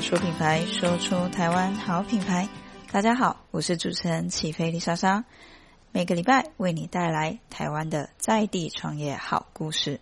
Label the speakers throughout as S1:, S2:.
S1: 說品牌，說出台灣好品牌。大家好，我是主持人起飛麗莎莎，每個禮拜為你帶來台灣的在地創業好故事。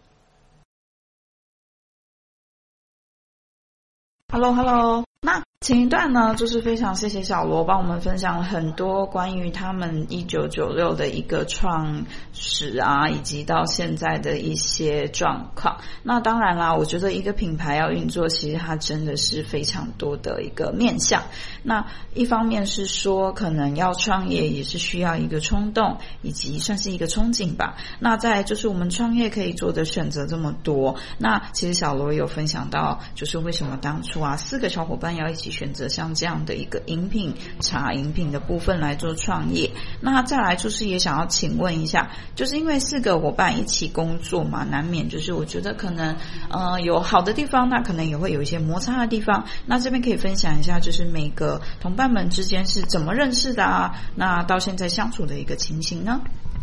S1: Hello，Hello，那 hello。前一段呢，就是非常謝謝小羅幫我們分享很多關於他們一九九六的一個創始啊，以及到現在的一些狀況。那當然啦，我覺得一個品牌要運作，其實它真的是非常多的一個面向。那一方面是說，可能要創業也是需要一個衝動，以及算是一個憧憬吧。那再來就是我們創業可以做的選擇這麼多。那其實小羅有分享到，就是為什麼當初啊，四個小夥伴要一起。選擇像這樣的一個飲品茶飲品的部分來做創業，那再來就是也想要請問一下，就是因為四個夥伴一起工作嘛，難免就是我覺得可能呃有好的地方，那可能也會有一些摩擦的地方。那這邊可以分享一下，就是每個同伴們之間是怎麼認識的啊？那到現在相處的一個情形呢？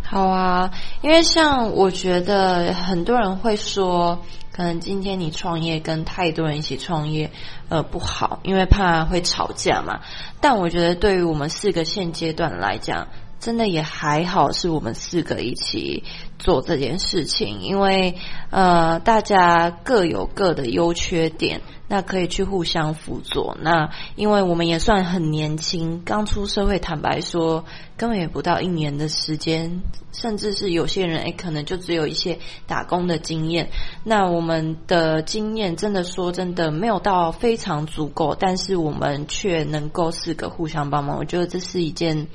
S2: 好啊，因為像我覺得很多人會說。可能今天你創業跟太多人一起創業，呃，不好，因為怕會吵架嘛。但我覺得對於我們四個現階段來講。真的也還好，是我們四個一起做這件事情，因為呃，大家各有各的優缺點，那可以去互相輔佐。那因為我們也算很年輕，剛出社會，坦白說根本也不到一年的時間，甚至是有些人誒、欸，可能就只有一些打工的經驗。那我們的經驗真的說真的沒有到非常足夠，但是我們卻能夠四個互相幫忙，我覺得這是一件。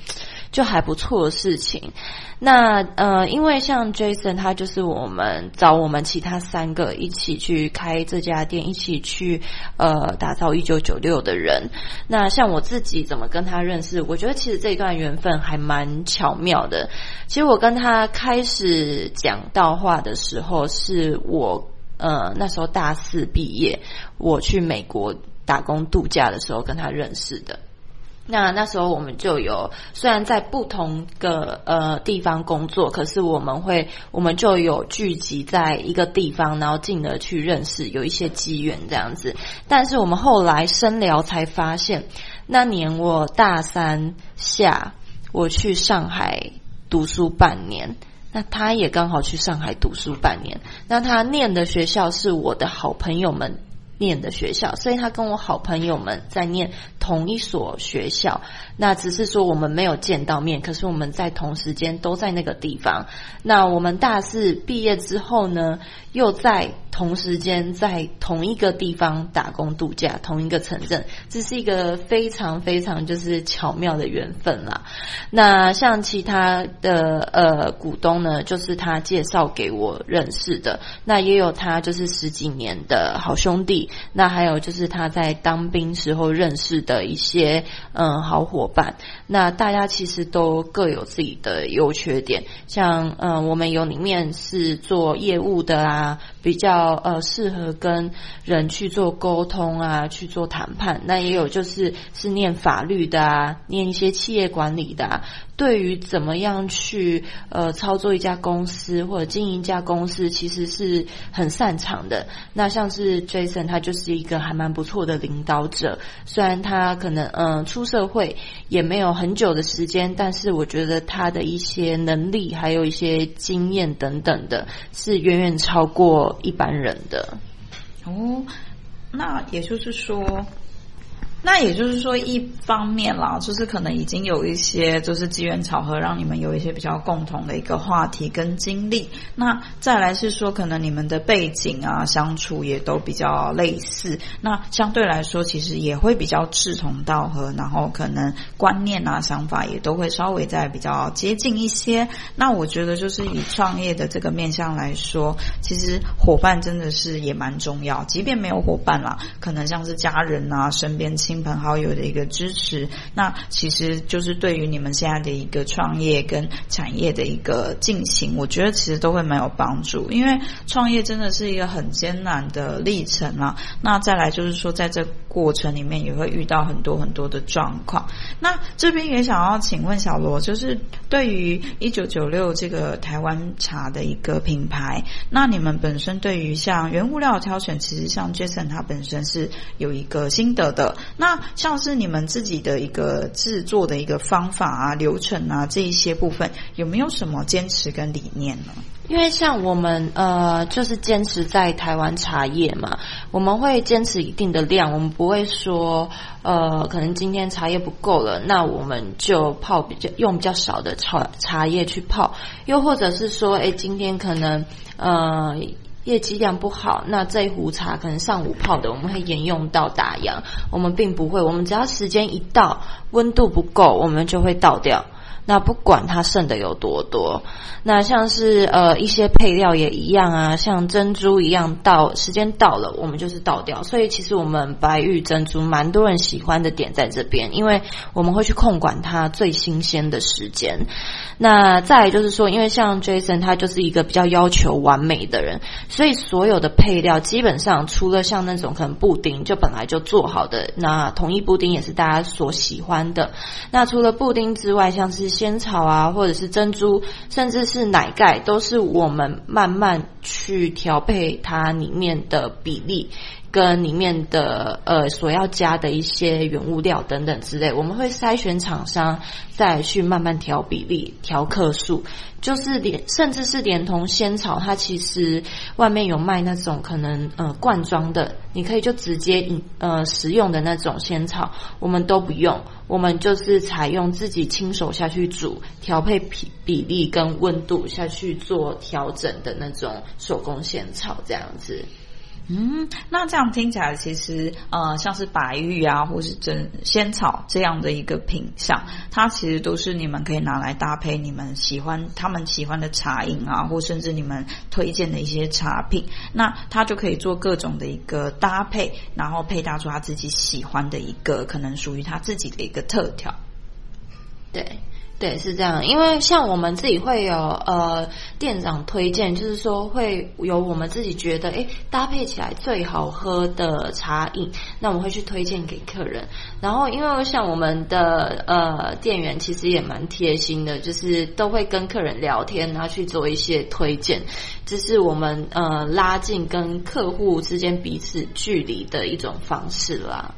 S2: 就還不錯的事情。那呃，因為像 Jason，他就是我們找我們其他三個一起去開這家店，一起去呃打造一九九六的人。那像我自己怎麼跟他認識？我覺得其實這一段緣分還蠻巧妙的。其實我跟他開始講到話的時候，是我呃那時候大四畢業，我去美國打工度假的時候跟他認識的。那那時候我們就有，雖然在不同個呃地方工作，可是我們會，我們就有聚集在一個地方，然後進而去認識，有一些機緣這樣子。但是我們後來深聊才發現，那年我大三下，我去上海讀書半年，那他也剛好去上海讀書半年，那他念的學校是我的好朋友們念的學校，所以他跟我好朋友們在念同一所學校。那只是說我們沒有見到面，可是我們在同時間都在那個地方。那我們大四畢業之後呢，又在。同時間在同一個地方打工度假，同一個城鎮，這是一個非常非常就是巧妙的緣分啦。那像其他的呃股東呢，就是他介紹給我認識的，那也有他就是十幾年的好兄弟，那還有就是他在當兵時候認識的一些嗯、呃、好夥伴。那大家其實都各有自己的優缺點，像嗯、呃、我們有裡面是做業務的啊，比較。呃，適合跟人去做溝通啊，去做談判。那也有就是是念法律的啊，念一些企業管理的啊。對於怎麼樣去呃操作一家公司或者經營一家公司，其實是很擅長的。那像是 Jason，他就是一個還蠻不錯的領導者。雖然他可能嗯、呃、出社會也沒有很久的時間，但是我覺得他的一些能力，還有一些經驗等等的，是遠遠超過一般人的。
S1: 哦，那也就是說。那也就是說，一方面啦，就是可能已經有一些，就是機緣巧合，讓你們有一些比較共同的一個話題跟經歷。那再來是說，可能你們的背景啊，相處也都比較類似。那相對來說，其實也會比較志同道合，然後可能觀念啊、想法也都會稍微再比較接近一些。那我覺得，就是以創業的這個面向來說，其實夥伴真的是也蠻重要。即便沒有夥伴啦，可能像是家人啊、身邊親。親朋好友的一個支持，那其實就是對於你們現在的一個創業跟產業的一個進行，我覺得其實都會蠻有幫助，因為創業真的是一個很艱難的歷程啊。那再來就是說，在這過程裡面也會遇到很多很多的狀況。那這邊也想要請問小羅，就是對於一九九六這個台灣茶的一個品牌，那你們本身對於像原物料挑選，其實像 Jason 他本身是有一個心得的。那像是你們自己的一個製作的一個方法啊、流程啊這一些部分，有沒有什麼堅持跟理念呢？
S2: 因為像我們呃，就是堅持在台灣茶葉嘛，我們會堅持一定的量，我們不會說呃，可能今天茶葉不夠了，那我們就泡比較用比較少的茶茶葉去泡，又或者是說，哎，今天可能呃。業績量不好，那這一壺茶可能上午泡的，我們會沿用到打烊。我們並不會，我們只要時間一到，溫度不夠，我們就會倒掉。那不管它剩的有多多，那像是呃一些配料也一樣啊，像珍珠一樣，到時間到了，我們就是倒掉。所以其實我們白玉珍珠蠻多人喜歡的點在這邊，因為我們會去控管它最新鮮的時間。那再來就是說，因為像 Jason 他就是一個比較要求完美的人，所以所有的配料基本上除了像那種可能布丁就本來就做好的，那統一布丁也是大家所喜歡的。那除了布丁之外，像是仙草啊，或者是珍珠，甚至是奶蓋，都是我們慢慢去調配它裡面的比例。跟裡面的呃所要加的一些原物料等等之類，我們會篩選廠商，再去慢慢調比例、調克數，就是連甚至是連同仙草，它其實外面有賣那種可能呃罐裝的，你可以就直接飲呃食用的那種仙草，我們都不用，我們就是採用自己親手下去煮調配比比例跟溫度下去做調整的那種手工仙草這樣子。
S1: 嗯，那這樣聽起來，其實呃，像是白玉啊，或是珍仙草這樣的一個品項，它其實都是你們可以拿來搭配你們喜歡他們喜歡的茶飲啊，或甚至你們推薦的一些茶品，那它就可以做各種的一個搭配，然後配搭出他自己喜歡的一個可能屬於他自己的一個特
S2: 調，對。對，是這樣，因為像我們自己會有呃店長推薦，就是說會有我們自己覺得誒搭配起來最好喝的茶飲，那我們會去推薦給客人。然後因為像我們的呃店員其實也蠻貼心的，就是都會跟客人聊天，然後去做一些推薦，這、就是我們呃拉近跟客戶之間彼此距離的一種方式啦。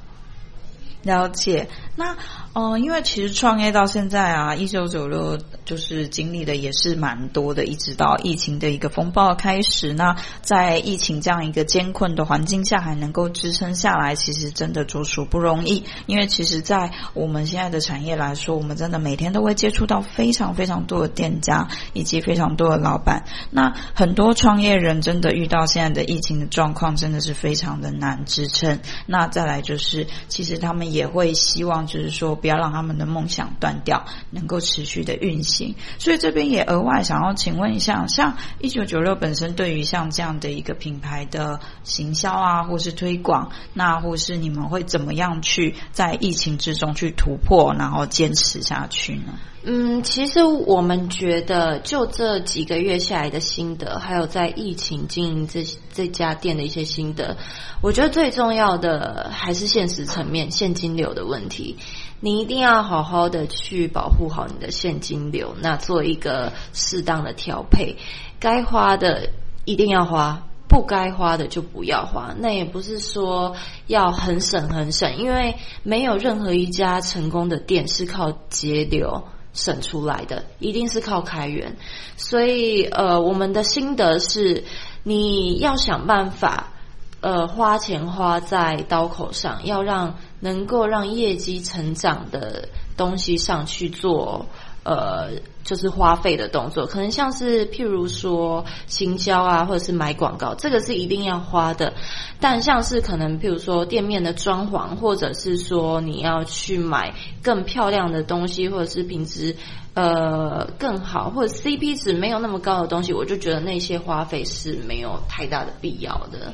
S1: 了解，那，呃，因為其實創業到現在啊，一九九六就是經歷的也是蠻多的，一直到疫情的一個風暴開始，那在疫情這樣一個艱困的環境下還能夠支撐下來，其實真的着實不容易。因為其實，在我們現在的產業來說，我們真的每天都會接觸到非常非常多的店家以及非常多的老闆。那很多創業人真的遇到現在的疫情的狀況，真的是非常的難支撐。那再來就是，其實他們。也會希望，就是說不要讓他們的夢想斷掉，能夠持續的運行。所以這邊也額外想要請問一下，像一九九六本身對於像這樣的一個品牌的行銷啊，或是推廣，那或是你們會怎麼樣去在疫情之中去突破，然後堅持下去呢？
S2: 嗯，其實我們覺得，就這幾個月下來的心得，還有在疫情經營這這家店的一些心得，我覺得最重要的還是現實層面現金流的問題。你一定要好好的去保護好你的現金流，那做一個適當的調配，該花的一定要花，不該花的就不要花。那也不是說要很省很省，因為沒有任何一家成功的店是靠節流。省出來的一定是靠開源，所以呃，我們的心得是，你要想辦法，呃，花錢花在刀口上，要讓能夠讓業績成長的東西上去做。呃，就是花費的動作，可能像是譬如說行銷啊，或者是買廣告，這個是一定要花的。但像是可能譬如說店面的裝潢，或者是說你要去買更漂亮的東西，或者是品質呃更好，或者 CP 值沒有那麼高的東西，我就覺得那些花費是沒有太大的必要的。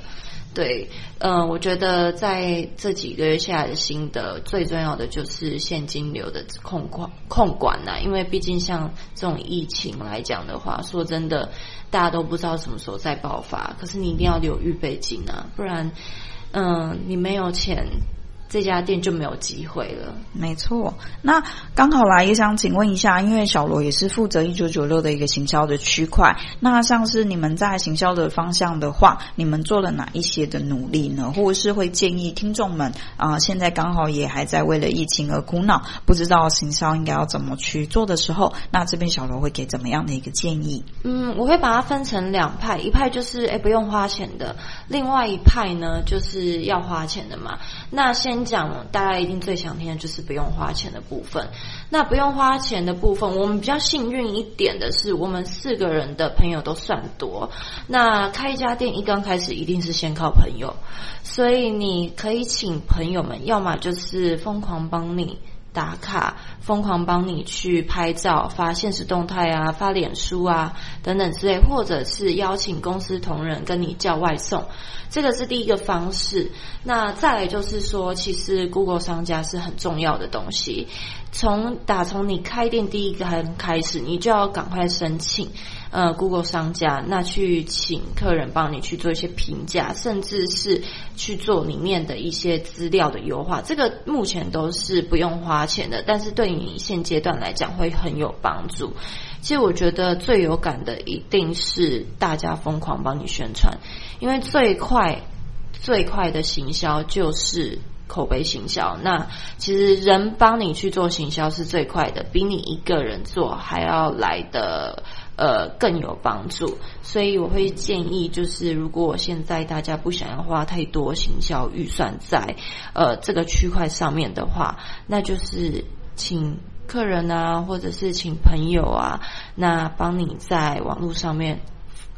S2: 對，嗯，我覺得在這幾個月下來的心得最重要的就是現金流的控控控管吶，因為畢竟像這種疫情來講的話，說真的，大家都不知道什麼時候再爆發，可是你一定要留預備金啊，不然，嗯，你沒有錢。這家店就沒有機會了。沒錯，
S1: 那剛好來也想請問一下，因為小羅也是負責一九九六的一個行銷的區塊。那像是你們在行銷的方向的話，你們做了哪一些的努力呢？或者是會建議聽眾們啊，呃，現在剛好也還在為了疫情而苦惱，不知道行銷應該要怎麼去做的時候，那這邊小羅會給怎麼樣的一個建議？
S2: 嗯，我會把它分成兩派，一派就是哎不用花錢的，另外一派呢就是要花錢的嘛。那現講了大家一定最想聽的就是不用花錢的部分。那不用花錢的部分，我們比較幸運一點的是，我們四個人的朋友都算多。那開一家店一剛開始一定是先靠朋友，所以你可以請朋友們，要麼就是瘋狂幫你。打卡，瘋狂幫你去拍照發限時動態啊，發臉書啊等等之類，或者是邀請公司同仁跟你叫外送，這個是第一個方式。那再來就是說，其實 Google 商家是很重要的東西。從打從你開店第一個開始，你就要趕快申請呃 Google 商家，那去請客人幫你去做一些評價，甚至是去做裡面的一些資料的優化。這個目前都是不用花錢的，但是對你現階段來講會很有幫助。其實我覺得最有感的一定是大家瘋狂幫你宣傳，因為最快最快的行銷就是。口碑行銷，那其實人幫你去做行銷是最快的，比你一個人做還要來得呃更有幫助。所以我會建議，就是如果現在大家不想要花太多行銷預算在呃這個區塊上面的話，那就是請客人啊，或者是請朋友啊，那幫你在網絡上面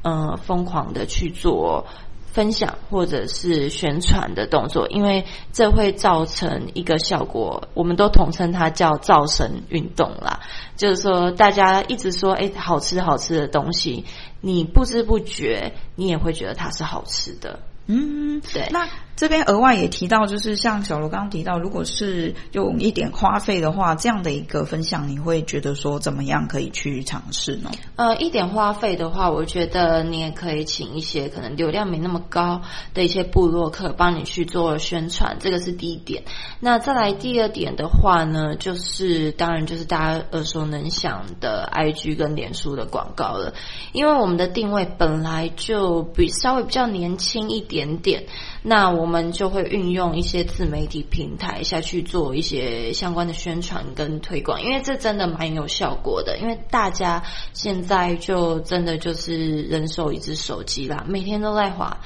S2: 嗯、呃、瘋狂的去做。分享或者是宣傳的動作，因為這會造成一個效果，我們都統稱它叫“造神運動”啦。就是說，大家一直說“誒，好吃好吃的東西”，你不知不覺，你也會覺得它是好吃的。
S1: 嗯，對。那這邊額外也提到，就是像小羅剛剛提到，如果是用一點花費的話，這樣的一個分享，你會覺得說怎麼樣可以去嘗試呢？
S2: 呃，一點花費的話，我覺得你也可以請一些可能流量沒那麼高的一些部落客幫你去做宣傳，這個是第一點。那再來第二點的話呢，就是當然就是大家耳熟能詳的 IG 跟臉書的廣告了，因為我們的定位本來就比稍微比較年輕一點點，那我們。我們就會運用一些自媒體平台下去做一些相關的宣傳跟推廣，因為這真的蠻有效果的。因為大家現在就真的就是人手一只手機啦，每天都在滑。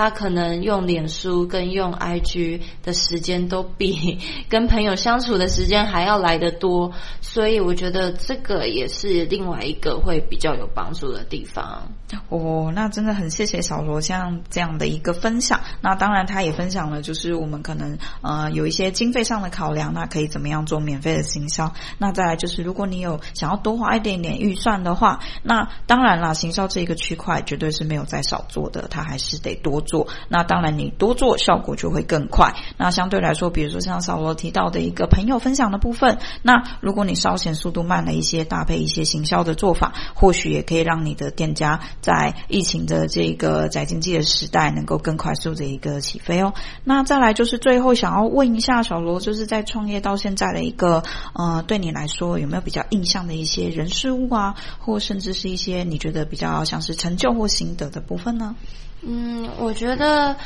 S2: 他可能用臉書跟用 IG 的時間都比跟朋友相處的時間還要來得多，所以我覺得這個也是另外一個會比較有幫助的地方。
S1: 哦，那真的很謝謝小羅像這樣的一個分享。那當然，他也分享了，就是我們可能呃有一些經費上的考量，那可以怎麼樣做免費的行銷？那再來就是，如果你有想要多花一點點預算的話，那當然啦，行銷這一個區塊絕對是沒有再少做的，他還是得多做。做。那當然你多做效果就會更快。那相對來說，比如說像小羅提到的一個朋友分享的部分，那如果你稍顯速度慢了一些，搭配一些行銷的做法，或許也可以讓你的店家在疫情的這個宅經濟的時代，能夠更快速的一個起飛哦。那再來就是最後想要問一下小羅，就是在創業到現在的一個呃，對你來說有沒有比較印象的一些人事物啊，或甚至是一些你覺得比較像是成就或心得的部分呢、啊？
S2: 嗯，我覺得，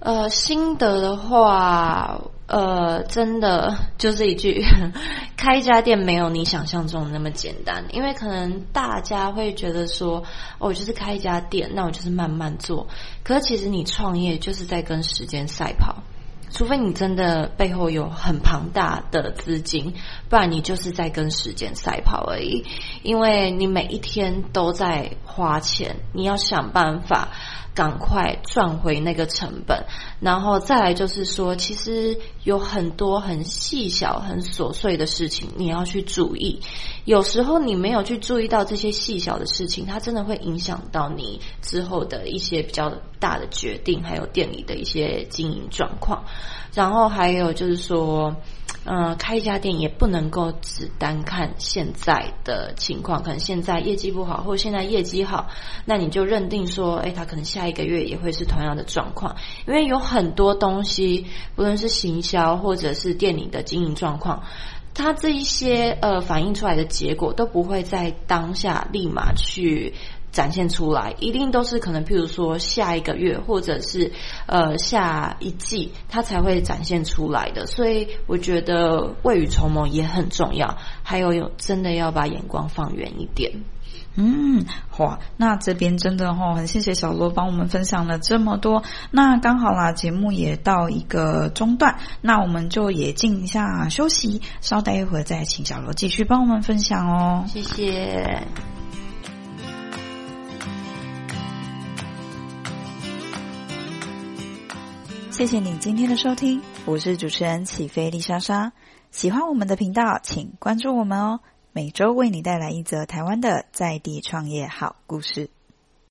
S2: 呃，心得的話，呃，真的就是一句，開一家店沒有你想象中的那麼簡單。因為可能大家會覺得說，哦，我就是開一家店，那我就是慢慢做。可是其實你創業就是在跟時間賽跑，除非你真的背後有很龐大的資金，不然你就是在跟時間賽跑而已。因為你每一天都在花錢，你要想辦法。趕快賺回那個成本然後再來就是說，其實有很多很細小、很瑣碎的事情，你要去注意。有時候你沒有去注意到這些細小的事情，它真的會影響到你之後的一些比較大的決定，還有店裡的一些經營狀況。然後還有就是說，嗯，開一家店也不能夠只單看現在的情況，可能現在業績不好，或現在業績好，那你就認定說，哎，他可能下一個月也會是同樣的狀況，因為有很多東西，不論是行銷或者是店裡的經營狀況，他這一些呃反映出來的結果都不會在當下立馬去。展現出來一定都是可能，譬如說下一個月或者是呃下一季，它才會展現出來的。所以我覺得未雨綢繆也很重要，還有有真的要把眼光放遠一點。
S1: 嗯，哇，那這邊真的、哦、很謝謝小羅幫我們分享了這麼多。那剛好啦，節目也到一個中段，那我們就也靜一下休息，稍待一會兒再請小羅繼續幫我們分享哦。謝謝。謝謝你今天的收聽，我是主持人起飛麗莎莎。喜歡我們的頻道，請關注我們哦。每周為你帶來一則台灣的在地創業好故事。